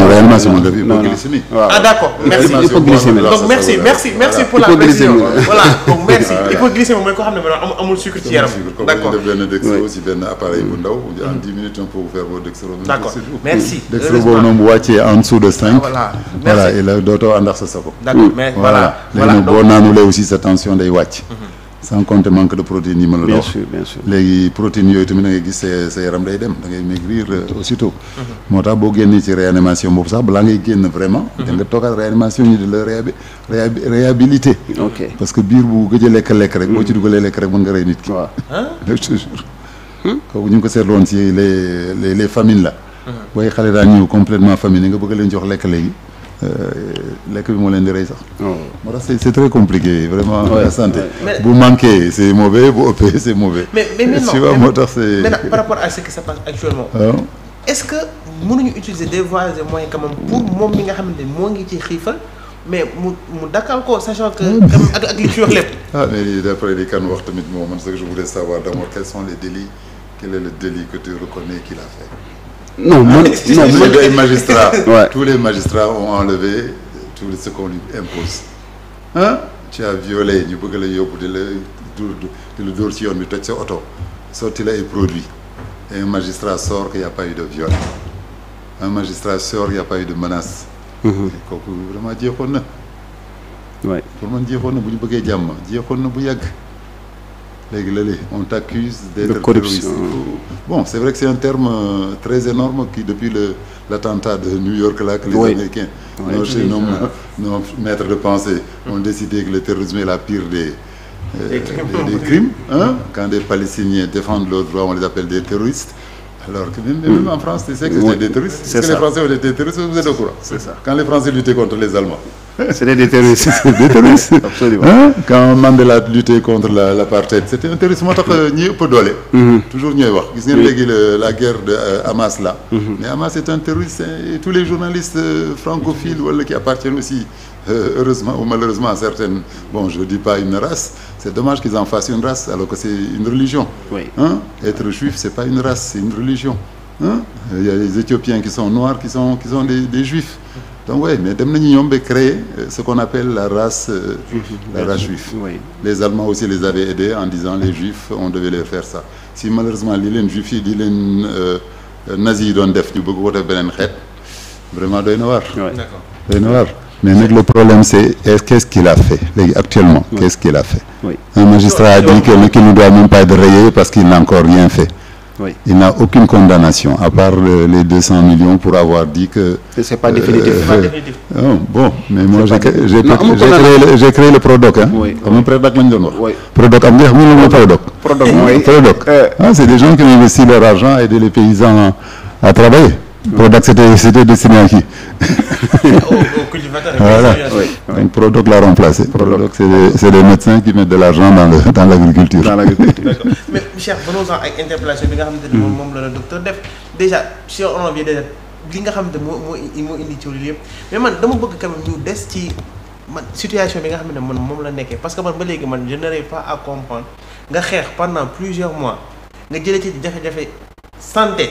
non réellement c'est mon avis hypoglycémie ah d'accord ah, donc merci merci merci pour la précision voilà donc merci hypoglycémie ko xam ne maanaam amul benn dextro bu mm. ndaw en 10 minutes on peut vous faire votre dextro d'accord merci mm. dextro boobu noonu ah, sa sako d'accord mais voilà léegi nag boo naanulee aussi sa tension day wàcc mm-hmm. sans compter manque de protéines yi ma la doon wax bien sûr bien léegi protéines yooyu tamit da gis sa sa yaram day dem da maigrir euh, aussitôt moo tax boo génnee si réanimation boobu sax balaa ngay génn vraiment mhm. da nga réanimation ñu di la réhabi parce que biir bu gëj lekk lekk rek boo ci mhm. dugalee lekk rek mën nga rey nit ki waaw je hmm? kooku ñu ngi ko seetlu woon si les les les la mhm. booy xale daan ñëw complètement famine yi nga bëgg leen jox lekk léegi Euh, lekk bi moo leen di rey sax. Oh. moo tax c'est très compliqué vraiment. Ouais, la santé bu manqué c'est mauvais bu ëppee c'est mauvais. mais mais moo tax c'est. maintenant par rapport à ce qui se passe actuellement. est-ce que mënuñu utiliser des voies et moyens pour moom mi nga xam ne moo ngi ci xiifal. mais mu mu dakkal ko sachant que. ak ak wax ah mais d'après li kan wax tamit moom man ce que je voulais savoir d'abord quels sont les délits que tu reconnais qu'il non ah, man non man les magistrats. Ouais. tous les magistrats ont enlevé tout ce qu'on lui impose. ah tu as violé ñu bëgg la yóbbu di la dóor di la dóor ci yoon bi toj sa oto sorti la ay produits et un magistrat sort qu'il n'y a pas eu de viol un magistrat sort qu'il n'y a pas eu de menace. Mhm. kooku vraiment jeexoon na. waay pour man jeexoon na bu ñu bëggee jàmm jeexoon na bu yàgg. léegi léegi on t'accuse d'être corruption terroriste. bon c'est vrai que c'est un terme euh, très énorme qui depuis l'attentat de New York là que les oui. Américains oui. nos chez nos, nos de pensée ont décidé que le terrorisme est la pire des euh, des, des, des crimes hein quand des Palestiniens défendent leurs droits on les appelle des terroristes alors que les Français ont été terroristes quand les Français luttaient contre les Allemands C'était des terroristes. des terroristes. Absolument. Hein? Quand Mandela luttait contre la l'apartheid c'était un terroriste moo tax euh, ñi ëpp doole. Mhm. toujours ñooy wax gis ngeen léegi la guerre de euh, Hamas là. Mhm. mais Hamas est un terroriste et tous les journalistes euh, francophiles wala qui appartiennent aussi heureusement ou malheureusement à certaines bon je dis pas une race c'est dommage qu'ils en fassent une race alors que c'est une religion. oui hein? être juif c'est pas une race c'est une religion. Hein? il y a les Éthiopiens qui sont noirs qui sont qui sont des des juifs. donc oui mais dem nañu ñoom ba euh, ce qu'on appelle la race euh, la race juive les Allemands aussi les avaient aidés en disant les juifs on devait leur faire ça si malheureusement li leen juif yi di leen euh, nazi yi doon def ñu bëgg ko beneen xeet vraiment doy na waar doy na mais nag le problème c'est est qu'est-ce qu'il a fait léegi actuellement qu'est-ce qu'il a fait un magistrat a dit que qu'il ne doit même pas être rayé parce qu'il n'a encore rien fait Oui. Il n'a aucune condamnation, à part euh, les 200 millions pour avoir dit que... Que ce n'est pas définitif. Euh, pas euh, définitif. Oh, bon, mais moi, j'ai créé, créé, créé, le PRODOC. Hein, oui, ah, comme oui. PRODOC, oui. PRODOC, PRODOC. PRODOC, oui. PRODOC. Euh. Ah, C'est des gens qui ont investi leur argent à aider les paysans à, à travailler. Prodac c'était c'était destiné à qui voilà oui. donc l'a remplacé Prodoc c'est des c'est des qui mettent de l'argent dans le dans l'agriculture dans l'agriculture mais Cheikh venons-en ak interpellation bi nga xamante ne moom moom la la docteur def déjà si on revient déjà li nga xam moo moo moo indi coow li yëpp mais man dama bëgg quand même ñu des ci man situation bi nga xam ne man moom la nekkee parce que man ba léegi man je n'arrive pas a comprendre nga xeex pendant plusieurs mois nga jëlee ci jafe-jafe santé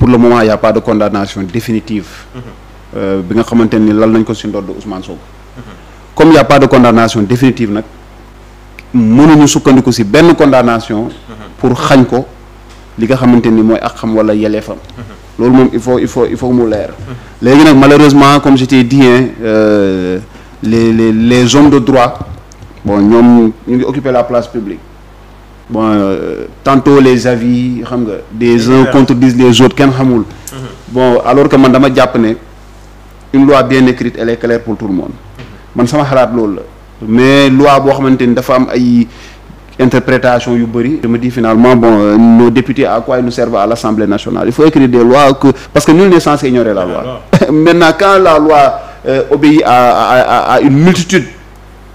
pour le moment il y a pas de condamnation définitive euh, bi nga xamante ni lal nañ ko ci ndodd Ousmane Sonko comme il y a pas de condamnation définitive nag mënuñu sukkandiku si benn condamnation pour xañ ko li nga xamante ni mooy ak xam walla yeleefam loolu moom il faut il faut il faut mu leer léegi nag malheureusement comme je t'ai dit euh, les les les de droit bon ñoom ñu ngi occuper la place publique bon euh, tantôt les avis xam nga des uns contredisent les autres kenn xamul. Mhm. bon alors que man dama jàpp ne une loi bien écrite elle est claire pour tout le monde. Mhm. man sama xalaat loolu la mais loi boo xamante ni dafa am ay interprétation yu bëri. dama di dis finalement bon euh, nos députés à quoi ils nous à l'Assemblée nationale il faut écrire des lois que parce que nul n'est censé ignorer la loi. maintenant quand la loi euh, à, une multitude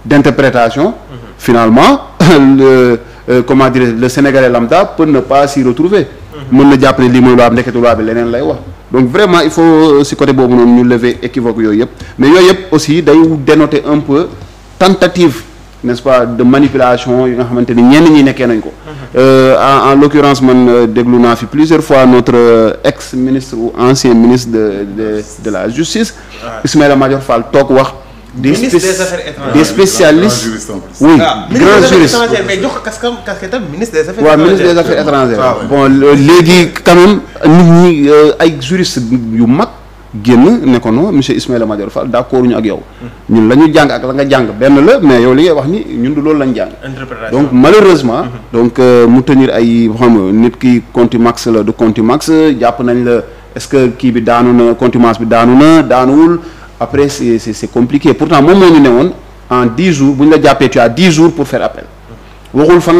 d'interprétations. Mhm. finalement Euh, comment dire le sénégalais lambda peut ne pas retrouver mhm. mën na jàpp ne lii mooy loi bi ndekete loi bi leneen lay wax donc vraiment il faut euh, si côté boobu noonu ñu lever équivoque yooyu yëpp mais yooyu yëpp aussi day dénoter un peu tentative n'est-ce pas de manipulation yi nga xamante ni ñenn ñi nekkee nañ ko mhm. euh, en en l'occurrence man déglu naa fi plusieurs fois notre ex ministre ou ancien ministre de de de la justice Ismaïla Madior Fall toog wax des ministre des affaires étrangères des spécialistes oui ah, grand juriste ah, mais jox ko kaskam kasketam ministre des affaires étrangères ah, bon léegi quand euh, ay juriste yu mag génn ne ko non monsieur Ismaïla Madior Fall d'accord ñu ak yow ñun la ñu jàng ak la nga jàng benn la mais yow li ngay wax ni ñun du loolu lañ jàng donc malheureusement donc euh, mu tenir ay nit ki contumax la du contumax jàpp nañ la est-ce que kii bi daanu na contumace bi daanu na daanuwul après c'est c'est compliqué pourtant moom moo ñu ne woon en dix jours bu ñu la jàppee tu as dix jours pour faire appel waxul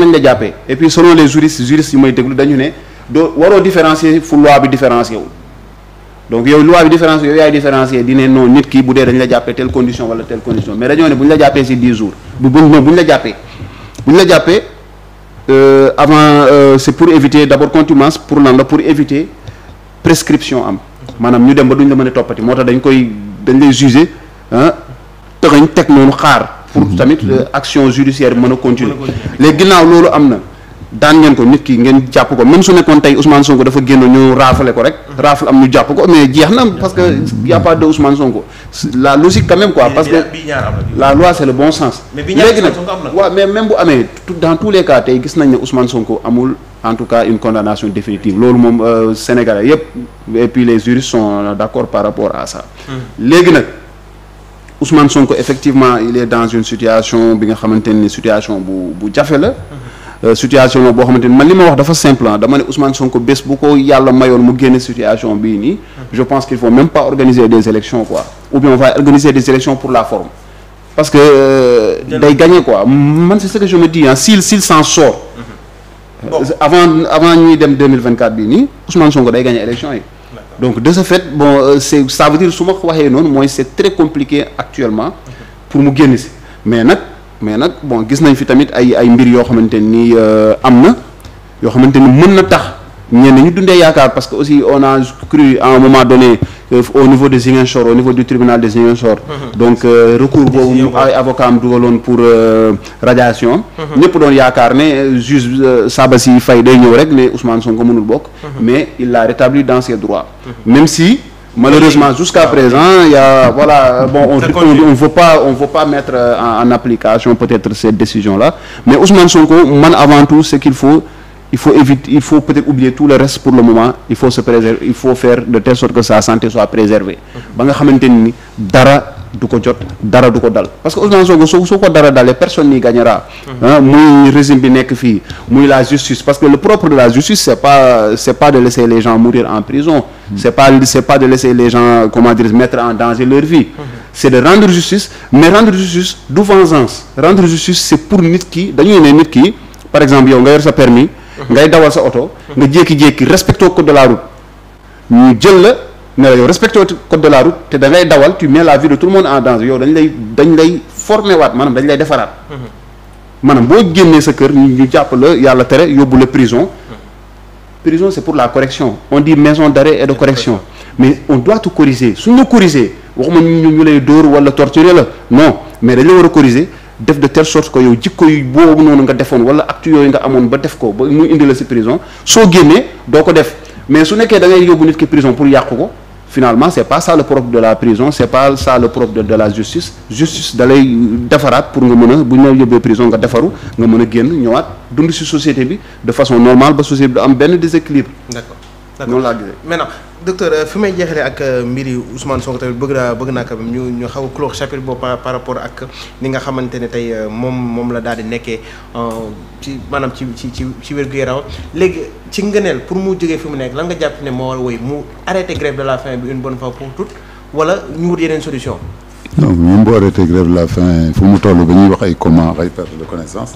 les juristes juristes yu may déglu dañu ne doo waroo différencier fu yow loi bi différencier yow yaay différencier di ne ki bu dee dañu la jàppee telle condition wala telle condition mais dañoo ne bu ñu la jàppee si dix jours bu bu bu ñu la euh, euh, pour éviter d'abord pour lan la pour éviter prescription am maanaam ñu dem ba ñu la mën a toppati moo tax dañ koy. dañ lay juger ah tëxañ teg noonu xaar pour mm-hmm. tamit mm-hmm. Euh, action judiciaire mën a continuer léegi ginnaaw loolu am na daan ngeen ko nit ki ngeen jàpp ko même su nekkoon tey Ousmane Sonko dafa génn ñu raafale ko rek. raafal am ñu jàpp ko mais jeex na parce que y' a pas de Ousmane Sonko la logique quand même quoi. parce la bon sens. léegi nag waaw mais même bu amee dans tous les tey gis nañ ne Ousmane Sonko amul en tout cas une condamnation définitive loolu moom euh, Sénégalais yëpp et puis les juristes sont euh, d' par rapport à hmm. léegi nag Ousmane Sonko effectivement il bi nga xamante ni situation bu bu jafe la. Hmm. Euh, situation la boo xamante ni man li ma wax dafa simple ah dama ne Ousmane Sonko bés bu ko yàlla mayoon mu génne situation bii nii. je pense qu'il faut même pas organiser des élections quoi ou bien on va organiser des élections pour la forme parce que. Euh, day euh, gagner quoi man c'est ce que je me dis ah s'il s'il s'en sort. Mm-hmm. Euh, bon. avant avant ñuy dem 2024 bii nii Ousmane Sonko day gagner élection yi. donc de ce fait bon c'est ça veut dire su ma waxee noonu mooy c'est très compliqué actuellement. Mm-hmm. pour mu génn si mais nag. mais nag bon gis nañ fi tamit ay ay mbir yoo xamante ni euh, am na yoo xamante ni mën na tax ñenn ñu dundee yaakaar parce que aussi on a cru à un moment donné euh, au niveau de Ziguinchor au niveau du tribunal de Ziguinchor mm-hmm. donc euh, recours boobu ñu ay avocat am dugaloon pour radiation mm-hmm. ñëpp doon yaakaar ne juge Sabassi fay day ñëw rek ne Ousmane Sonko mënul bokk mm-hmm. mais il l'a rétabli dans ses droits même si Malheureusement, jusqu'à ah, présent, il y a, voilà, bon, on ne veut pas, mettre euh, en, application peut-être cette décision-là. Mais Ousmane Sonko, man avant tout, ce qu'il faut, il faut peut-être oublier tout le reste pour le moment. Il faut se préserver, il faut faire de telle sorte que sa santé soit préservée. Ba nga xamante ni dara du ko jot dara du ko dal parce que Ousmane Sonko ko dara dalee personne n'y gagnera muy régime bi nekk fii muy la justice parce que le propre de la justice c'est pas c'est pas de laisser les gens mourir en prison c'est pas de laisser les gens mettre en danger leur vie c'est de rendre justice mais rendre justice du vengeance rendre justice c'est pour nit ki dañuy ne nit ki par exemple yow nga yor sa permis ngay dawal sa oto nga jékki-jékki respecté ne la yow respecté code de la route te da ngay dawal tu mets la vie tout le monde en danger yow dañ lay dañ waat maanaam dañ lay defaraat mm-hmm. maanaam boo génnee sa kër ñu jàpp la yàlla tere yóbbu la prison mm-hmm. prison c'est pour la correction on dit maison d'arrêt et de correction mais on doit tout corriger suñ la corriger waxuma ñu ñu lay dóor wala torturer la non mais dañ la war a corriger def de telle sorte que yow jikko yu boobu noonu nga defoon wala acte yooyu nga amoon ba def ko ba mu indi prison soo génnee doo ko def mais su nekkee da ngay yóbbu nit ki yàqu ko finalement c'est pas ça le propre de la prison c'est pas ça le propre de, la justice justice da defaraat pour nga mën a bu ñu la yóbbee prison nga defaru nga mën a génn ñëwaat dund ci société bi de façon normale ba société bi du am benn déséquilibre d'accord noonu laa gisee maintenant docteur euh, fi may jeexalee ak euh, mbiri Ousmane Sonko tamit bëgg na bëgg naa quand ñu ñu xaw a clore chapitre boobu par rapport ak ni nga xamante ne tey euh, moom moom la daal di nekkee ci maanaam ci ci ci ci wér-gu-yaram léegi ci ngëneel pour mu jógee fi mu nekk lan nga jàpp ne moo war a woy mu arrêté grève de la fin bi une bonne fois pour toutes wala ñu yeneen solution donc ñun bu arrêté grève de la faim fu mu toll ba ñuy wax ay comment ay perte de connaissance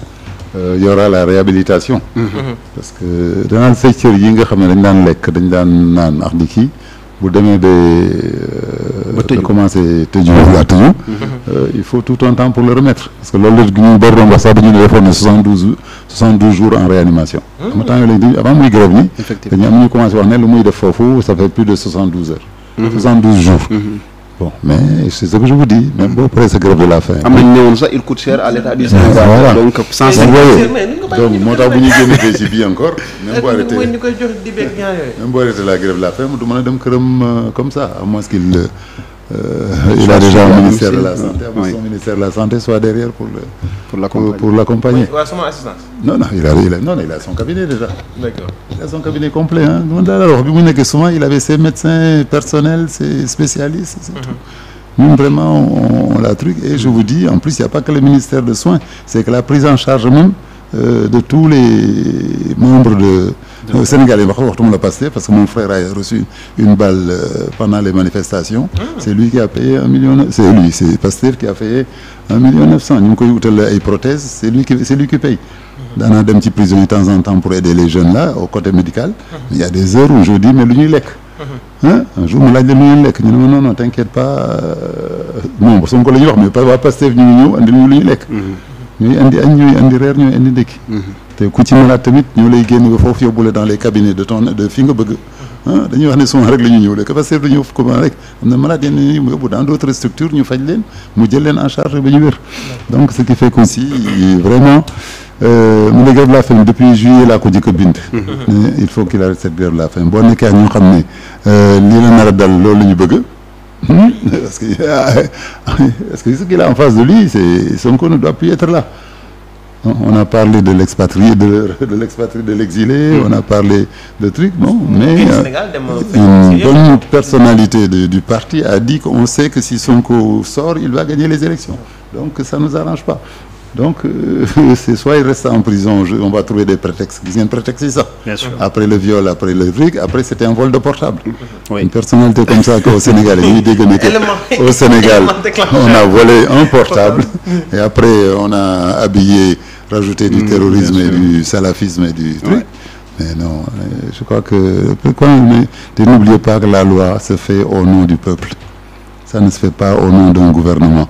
Euh, y aura la réabilitation mm-hmm. parce que danaan say cër nga xam ne dañ daan lekk dañ daan naan ax di kii bu demee ba. Euh, ba tëju commencé tëju laa tëju. Mm-hmm. Euh, il faut tout un pour le remettre. parce que loolu la ñun bor doon wax sax dañu ne defoon soixante douze jours en réanimation. Mm-hmm. am temps yooyu dañuy muy dañu am wax ne lu muy def foofu ça fait plus de soixante douze heures. soixante douze jours. bon mais c'est ce que je vous dis même boo paree sa grève de la faim. am ne woon sax il coûte cher à l'État du Sénégal. voilà donc donc moo tax bu ñu génnee fee si bii encore. même boo arrêté la grève de la faim du mën a dem këram euh, comme ça à moins qu'il Euh, il a déjà un ministère de la santé son ministère de la santé soit derrière pour le pour l'accompagner waaw sama assistance non non il a il a non il a son cabinet déjà d'accord il a son cabinet complet ah man daal wax bi mu nekk souvent il avait ses médecins personnels ses spécialistes c'est mhm. tout ñun vraiment on, on la truc et je vous dis en plus il y a pas que le ministère de soins c'est que la prise en charge même euh, de tous les membres de Sénégalais wax parce que mon frère a reçu une balle euh, pendant les manifestations ah. c'est lui qui a payé c'est lui c'est Pastef qui a payé un million neuf cent ñu ngi c'est lui qui c'est lui qui paye mmh. daanaa prison de temps en temps pour aider les jeunes là au côté médical mmh. il y a des heures où je mais lu ñuy lekk mmh. non non t'inquiète pas euh, non Sonko la ñuy wax mais pas waa Pastef lu ñuy lekk ñooy andi añ ñooy andi reer ñooy andi ndékki mm-hmm. te ku ci malade tamit ñoo lay génn ba foofu yóbbu la dans les cabinets de ton de fi nga bëgg mm-hmm. ah dañuy wax ne souvent rek la ñu ñëw la capacité du ñëw comment rek mu yóbbu dans leen mu jël leen ñu wér donc ce qui fait que aussi vraiment euh, mu ne la laa ko jëkk a bind mm-hmm. il faut qu'il arrête cette grève la faim boo nekkee ak ñoo xam ne euh, lii la nar a dal loolu la ñu bëgg Hmm? parce que est-ce ah, que ce qu'il a en face de lui c'est Sonko ne doit plus être là on a parlé de l'expatrié de de l'expatrié de l'exilé hmm. on a parlé de trucs bon hmm. mais euh, une bonne personnalité de, du parti a dit qu'on sait que si Sonko sort il va gagner les élections donc ça nous arrange pas donc euh, c'est soit il reste en prison on va trouver des prétextes gis ngeen prétextes après le viol après le truc après c'était un vol de portable. oui une personnalité comme ça qu'au Sénégal ñuy dégg ne au Sénégal on a volé un portable et après on a habillé du mmh, terrorisme et du salafisme et du truc. Mais non, euh, je crois que pourquoi mais n'oubliez pas que la loi se fait au nom du peuple. Ça ne se fait pas au nom d'un gouvernement.